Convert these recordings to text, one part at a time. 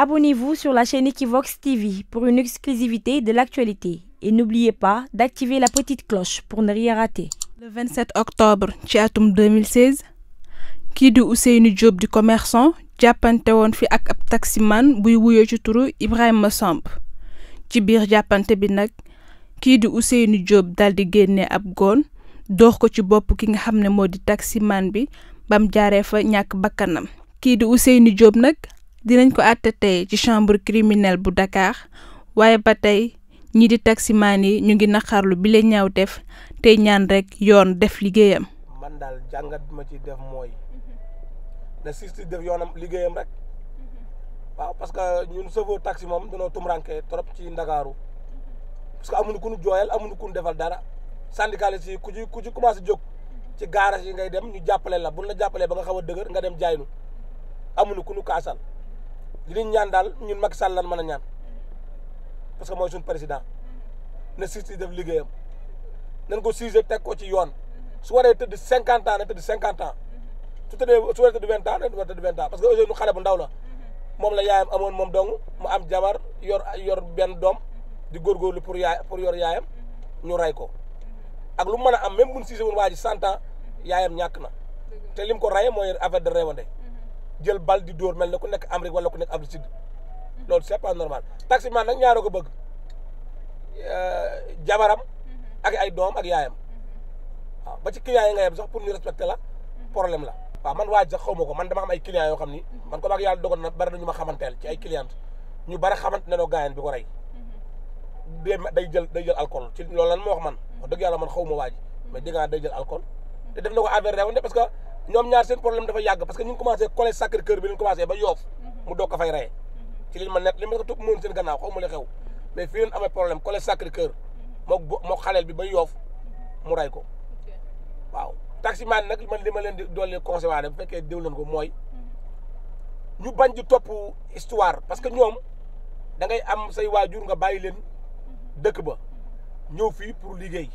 Abonnez-vous sur la chaîne Equivox TV pour une exclusivité de l'actualité et n'oubliez pas pour ne rien rater. le 27 octobre ci atum 2016 kii di useeni Diop di commerçant jàppante woon fi ak ab man buy wuyoo ci turu Ibrahima Samb ci biir jàppante bi nag kii di Ousseynou Diop dal di génne ab goon doox ko ci bopp ki nga xam ne moo di taximan bi bam jaaree fa ñàkk bakkanam kii di Ousseynou Diop nag. dinañ ko àtte tey ci chambre criminelle bu Dakar waaye ba tey ñi di taximaan yi ñu ngi naqarlu bi la ñaaw def tey ñaan rek yoon def liggéeyam. man daal jàngat bi ma ci def mooy na justice def yoonam liggéeyam rek waaw parce que ñun chauffeur taxi moom dañoo tumranke trop ci Ndakaaru parce que amuñu ku ñu jooyal amu na ñu defal dara syndicaliste yi ku ci ku ci commencé jóg ci garage yi ngay dem ñu jàppale la bu la jàppalee ba nga xaw a dëgër nga dem jaay nu amuñu ku ñu di leen ñaan daal ñun Macky Sall lan mën a ñaan parce que mooy suñu président na siis def liggéeyam nañ ko siise teg ko ci yoon su waree tëdd cinquante ans na tëdd cinquante ans su tëddee su waree tëdd ans na war tëdd vingt ans parce que Ousseynou xale bu ndaw la moom la yaayam amoon moom dong mu am jabar yor yor benn doom di góorgóorlu pour yaay pour yor yaayam ñu ray ko ak lu mën a am même buñ siise woon waa ji cent ans yaayam ñàkk na te lim ko rey mooy affaire de réewande jël bal di dóor mel ne ku nekk Amérique wala ku nekk Afrique Sud loolu a pas normal taximan nag ñaaroo ko bëgg euh, jabaram mhm. ak ay doom ak yaayam mhm. waaw ba ci client yi nga yem sax pour ñu respecter la mhm. problème la. waaw man waaj sax xaw ma ko man dama ay clients yoo xam ni man ko ak yàlla dogal na bari na ñu ma xamanteel ci ay clientes ñu bari xamant ne noo gaayan bi ko rey day jël day jël alcool ci loolu lan moo wax man wax dëgg yàlla man xaw ma waaj mais dégg naa day jël alcool te def na ko affaire réew parce que. ñoom ñaar seen problème dafa yàgg parce que ñu ngi commencé collège Sacré Cœur bi ñu commencé ba Yoff mu doog ko fay rey ci liñ ma net li ma ko topp moon seen gannaaw xaw ma la moo moo bi ba Yoff mu rey ko waaw taximaan nag man li ma leen di doole conseil bu fekkee déw leen ko mooy ñu bañ di topp histoire parce que ñoom da ngay am say waajur nga bàyyi leen dëkk ba ñëw fii pour liggéey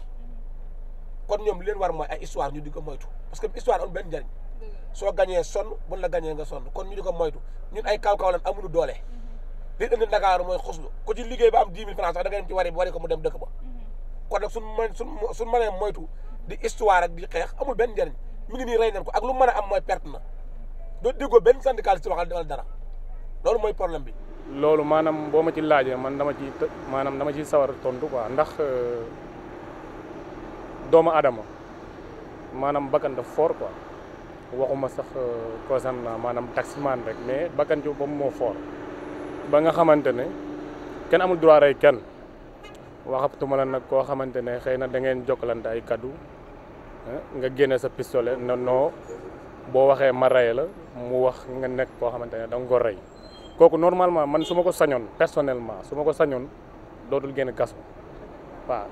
kon ñoom leen war mooy ay histoire ñu di ko moytu parce que histoire am benn njëriñ soo gañee sonn buñ la gañee nga sonn kon ñu di ko moytu ñun ay kaw-kaw lan amuñu doole li indi Ndakaaru mooy xuslu ku ci liggéey ba am dix mille francs sax da nga dem ci wari ko mu dem dëkk ba kon nag suñ mën suñ suñ mënee moytu di xeex amul benn njëriñ mi ngi nii rey ko ak lu mën a am mooy perte na doo déggoo benn syndicaliste waxal defal dara loolu mooy problème bi loolu maanaam boo ma ci laajee man dama ci maanaam dama ci sawar tontu quoi ndax euh, doomu aadama maanaam bakkan daf fort quoi waxuma sax euh, concernant maanaam taximaan rek mais bakkan ci boppam moo fort ba nga xamante ne kenn amul droit rey kenn waxatuma la nag koo xamante ne xëy na da ngeen jokkalante ay kaddu nga génne sa pistolet na noo boo waxee ma rey la mu wax nga nekk koo xamante ne da nga ko rey kooku normalement man su ma ko sañoon personnellement su ma ko sañoon dootul génn kaso waaw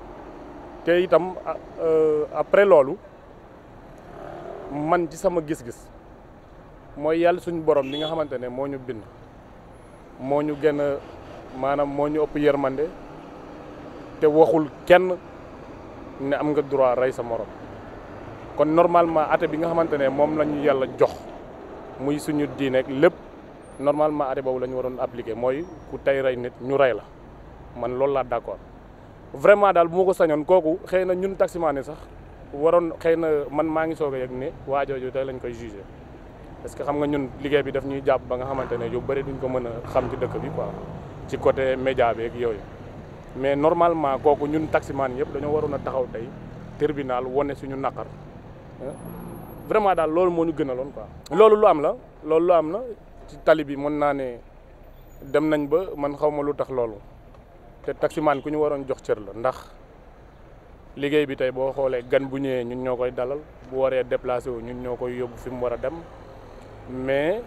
te itam euh, après loolu man ci sama gis-gis mooy yàlla suñu borom li nga xamante ne moo ñu bind moo ñu gën maanaam moo ñu ëpp yërmande te waxul kenn ne am nga droit rey sa morom kon normalement ate bi nga xamante ne moom la ñu yàlla jox muy suñu diineeg lépp normalement ate boobu la ñu waroon appliquer mooy ku tey rey nit ñu rey la man loolu laa d'accord vraiment daal bu ma ko sañoon kooku xëy na ñun taximaane sax waroon xëy na man maa ngi soog a yëg ne waajooju tey lañ koy jugé parce que xam nga ñun liggéey bi daf ñuy jàpp ba nga xamante ne yu bëri duñ ko mën a xam ci dëkk bi ko ci côté média bi ak yooyu mais normalement kooku ñun taximaan yëpp dañoo waroon a taxaw tey tribunal wane suñu naqar vraiment daal loolu moo ñu gënaloon quoi. loolu lu am la loolu lu am la ci tali bi mën naa ne dem nañ ba man xaw ma lu tax loolu. te taximaan ku ñu waroon jox cër la ndax liggéey bi tey boo xoolee gan bu ñëwee ñun ñoo koy dalal bu waree déplacé wu ñun ñoo koy yóbbu fi mu war a dem mais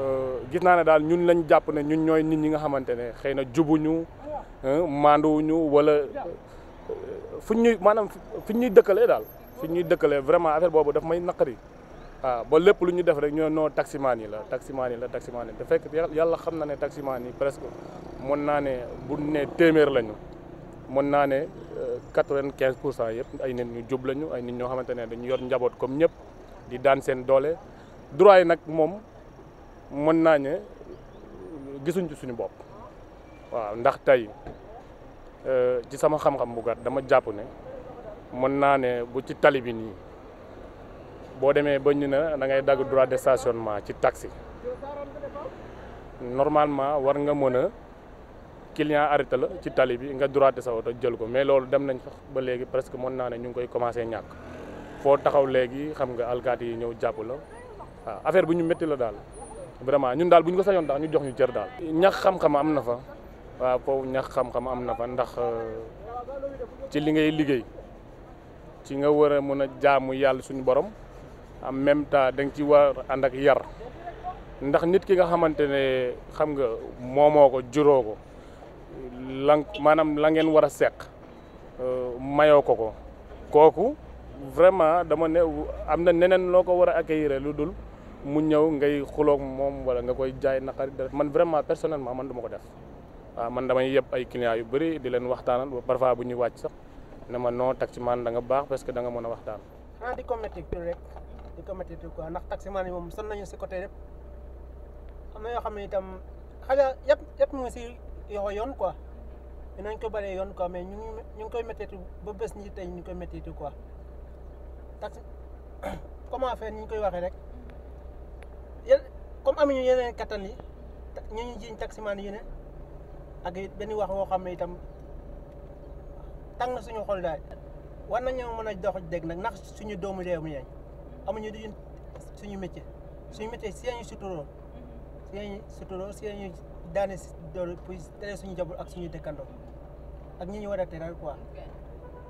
euh, gis naa ne daal ñun lañ jàpp ne ñun ñooy nit ñi nga xamante ne xëy na jubuñu maanduwuñu wala euh, fuñ ñuy maanaam fuñ ñuy dëkkalee daal fuñ ñuy dëkkalee vraiment affaire boobu daf may naqari. waaw ah, ba lépp lu ñu def rek ñoo noo taximaan yi la taximaan yi la taximaan yi te fekk yàlla xam na ne taximaan yi presque mën naa ne bu ne téeméer lañu mën naa ne euh, quatre-vingt-quinze pour cent yëpp ay nit ñu jub lañu ay nit ñoo xamante ne dañu njaboot comme ñëpp di daan seen doole droit yi nag moom mën naa ne gisuñ ci suñu bopp waaw ndax tey euh, ci sama xam-xam bu gàtt dama jàpp ne mën naa ne bu ci tali bi boo demee ba ñu na da ngay dagg droit de stationnement ci taxi normalement war nga mën a client arrêté la ci tali bi nga droit sa oto jël ko mais loolu dem nañ sax ba léegi presque mën naa ne ñu ngi koy commencé ñàkk foo taxaw léegi xam nga alkaati yi ñëw jàpp la waaw affaire bi ñu métti la daal vraiment ñun daal bu ñu ko sañoon ndax ñu jox ñu cër daal. ñax xam-xam am na fa waaw foofu ñax xam-xam am na fa ndax euh, ci li ngay liggéey ci nga war a mën a jaamu yàlla suñu borom. en même temps da nga ci war ànd ak yar ndax nit ki nga xamante ne xam nga moomoo ko juróo ko la maanaam la ngeen war a seq euh, mayoo ko ko kooku vraiment dama ne am na neneen loo ko war a accueillir lu dul mu ñëw ngay xuloog moom wala nga koy jaay naqari man vraiment personnellement man du ma ko def man damay yëpp ay clients yu bëri di leen waxtaanal parfois bu ñuy wàcc sax ne ma non taximan da danga baax parce que da nga mën a waxtaan. di ko métti quoi ndax taximaan yi moom sonn nañu si côté yëpp am na yoo xam ne itam xanaa yëpp yëpp ngi si yoxo yoon quoi dinañ ko bëree yoon quoi mais ñu ngi ñu ngi koy métti ba bés ñi tey ñu koy métti quoi taxi comment faire ni ñu koy waxee rek yéen comme amuñu yeneen kattan yi ñu ñu jiñ taximaan yi ne ak benn wax woo xam ne itam tan na suñu xol daal war nañoo mën a dox dégg nag ndax suñu doomu réew mi yañ amuñu di suñu métier suñu métier si mhm. si ñu suturoo suñu njaboot ak suñu dëkkandoo ak ñi ñu war a teral quoi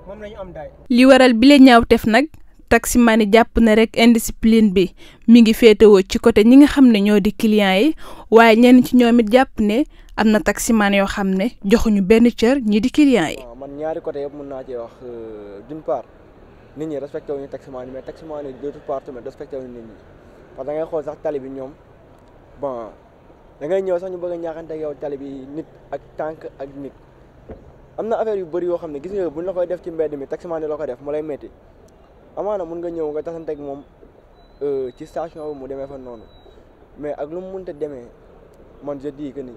moom la am daay. li waral bile ñaawteef nag taximaan yi jàpp na rek indiscipline bi mi ngi féetewoo ci côté ñi nga xam ne ñoo di clients yi waaye ñenn ci ñoom it jàpp ne am na taximaan yoo xam ne joxuñu benn cër ñi di clients yi. man ñaari côté yëpp mën naa wax euh, d'une part. nit ñi respecté wuñu taximaan yi mais taximaan yi d'autre part tamit respecté wuñu nit ñi parce que da ngay xool sax tali bi ñoom bon da ngay ñëw sax ñu bëgg a ñaaxante ak bi nit ak tànk ak nit am na affaire yu bari yoo xam ne gis nga buñ la koy def ci mbedd mi taximaan yi la ko def mu lay metti amaana mun nga ñëw nga tasante ak moom euh, ci station mu demee fa noonu mais ak lu mu mënta demee man je dis que ni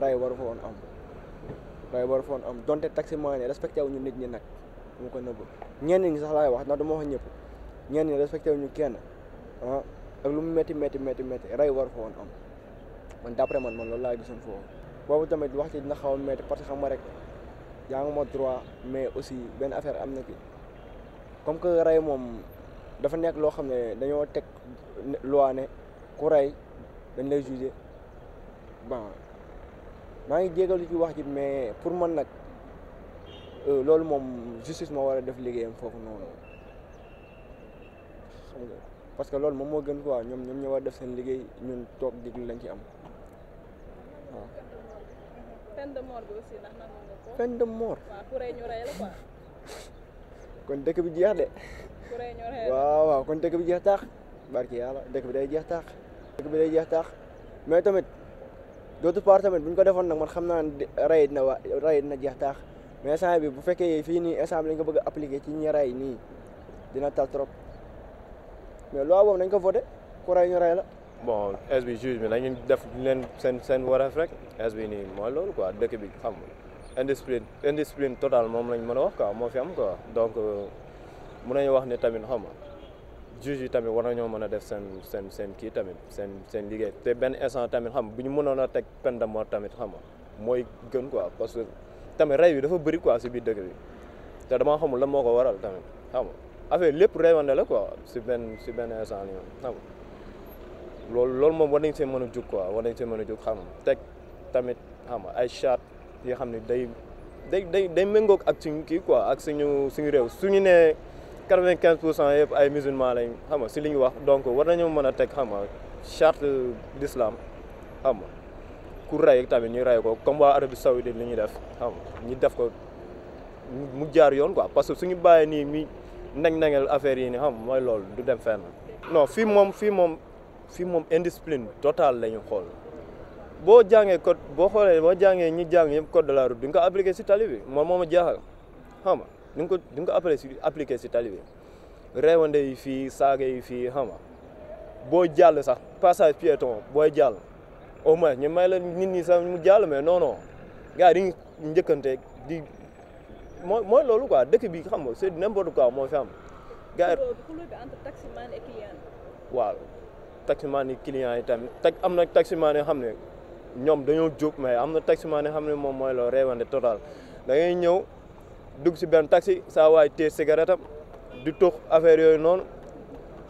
ray waru fa woon am ray waru fa woon am donte taximaan yi respecté wuñu nit ñi nag mu ko nëbb ñenn ñi sax laay wax ndax dama wax ñëpp ñenn ñi respecté ñu kenn ah ak lu mu métti métti métti métti rey war fa woon am man d'après man man loolu laa gisoon foofu. boobu tamit wax ci dina xaw a métti parce que xam rek yaa ngi ma mais aussi benn affaire am na comme que rey moom dafa nekk loo xam ne dañoo teg loi ne ku rey dañ lay jugé maa ngi jégalu fi wax ji mais pour man nag. Euh, loolu moom justice moo war a def liggéeyam foofu noonu nga parce que loolu moom moo gën quoi ñoom ñoom ñoo war a def seen liggéey ñun toog diglu lañ ci am waaw. peine de mort kon dëkk bi jeex de. waaw waaw kon dëkk bi jeex taax barki yàlla dëkk bi day jeex taax. dëkk bi day jeex taax mais tamit d'autre part tamit bu ko defoon nag man xam naa ne rey na wa rey na jeex taax. mais instant bi bu fekkee fii nii instant bi lañ ko bëgg a appliquer ci ñi rey nii dina tal trop mais loi boobu nañ ko voté ku rey ñu rey la. bon est bi juge bi nañu def leen seen seen wareef rek est bi nii mooy loolu quoi dëkk bi xam indiscipline indiscipline totale moom lañu mën a wax quoi moo fi am quoi donc euh, mën nañu wax ne tamit xam nga juge yi tamit war nañoo mën a def seen seen seen kii tamit seen seen liggéey te benn instant tamit xam bu ñu mënoon a teg pen de mort tamit xam nga mooy gën quoi parce que. tamit rey bi dafa bëri quoi si biir dëkk bi te damaa xamul lan moo ko waral tamit xam nga affaire lépp reywande la quoi si benn si benn instant nii xam nga loolu loolu moom war nañ see mën a jóg quoi war nañ see mën a jóg xam teg tamit xam ay charte yoo xam ne day day day day méngoog ak suñu kii quoi ak suñu suñu réew suñu nee quatre-vingt-quinze cent yëpp ay musulman lañ xam nga si li ñu wax donc war nañoo mën a teg xam nga charte d'islam ku rey tamit ñu rey ko comme waa Arabie Saoudite li ñuy def xam ñu def ko mu jaar yoon quoi parce que suñu baay nii mi nañ nañal affaire yi ni xam mooy loolu du dem fenn. non fii moom fii moom fii moom indiscipline totale la ñu xool boo jàngee code boo xoolee boo jàngee ñi jàng yëpp code de la route du nga ko si tali bi moom moo ma jaaxal xam nga du nga ko du nga ko si tali bi réewande yi fii saaga yi fii xam nga boo jàll sax passage piéton booy jàll. au moins ñu may la nit ñi sax mu jàll mais non non gars yi njëkkante di mooy mooy loolu quoi dëkk bi xam nga c'est n'importe quoi moo fi am. gars yi waaw taximaan yi client yi tamit teg am na taximaan yoo xam ne ñoom dañoo jub mais am na taximaan yoo xam ne moom mooy loolu réewande total da ngay ñëw dugg si benn taxi saa waay téye cigarette di tux affaire yooyu noonu.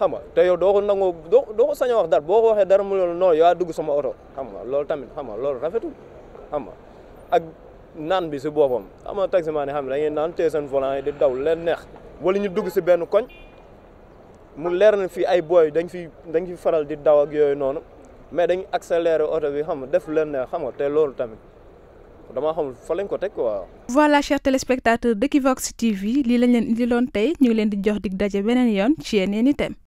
xam nga te yow doo ko nangoo doo doo ko sañoo wax dara boo ko waxee dara mu ne non yaa dugg sama oto xam loolu tamit xam nga loolu rafetul xam ak naan bi si boppam xam nga taximaan yi xam ne da ngeen naan téye seen volant yi di daw leen neex wala ñu dugg si benn koñ mu leer na fii ay booy dañ fi dañ fi faral di daw ak yooyu noonu mais dañ accéléré oto bi xam nga def leen neex xam nga te loolu tamit. damaa xamul fa lañ ko teg quoi. voilà chers téléspectateurs d'Equivox TV lii lañ leen indiloon ñu ngi leen di jox dig daje beneen yoon ci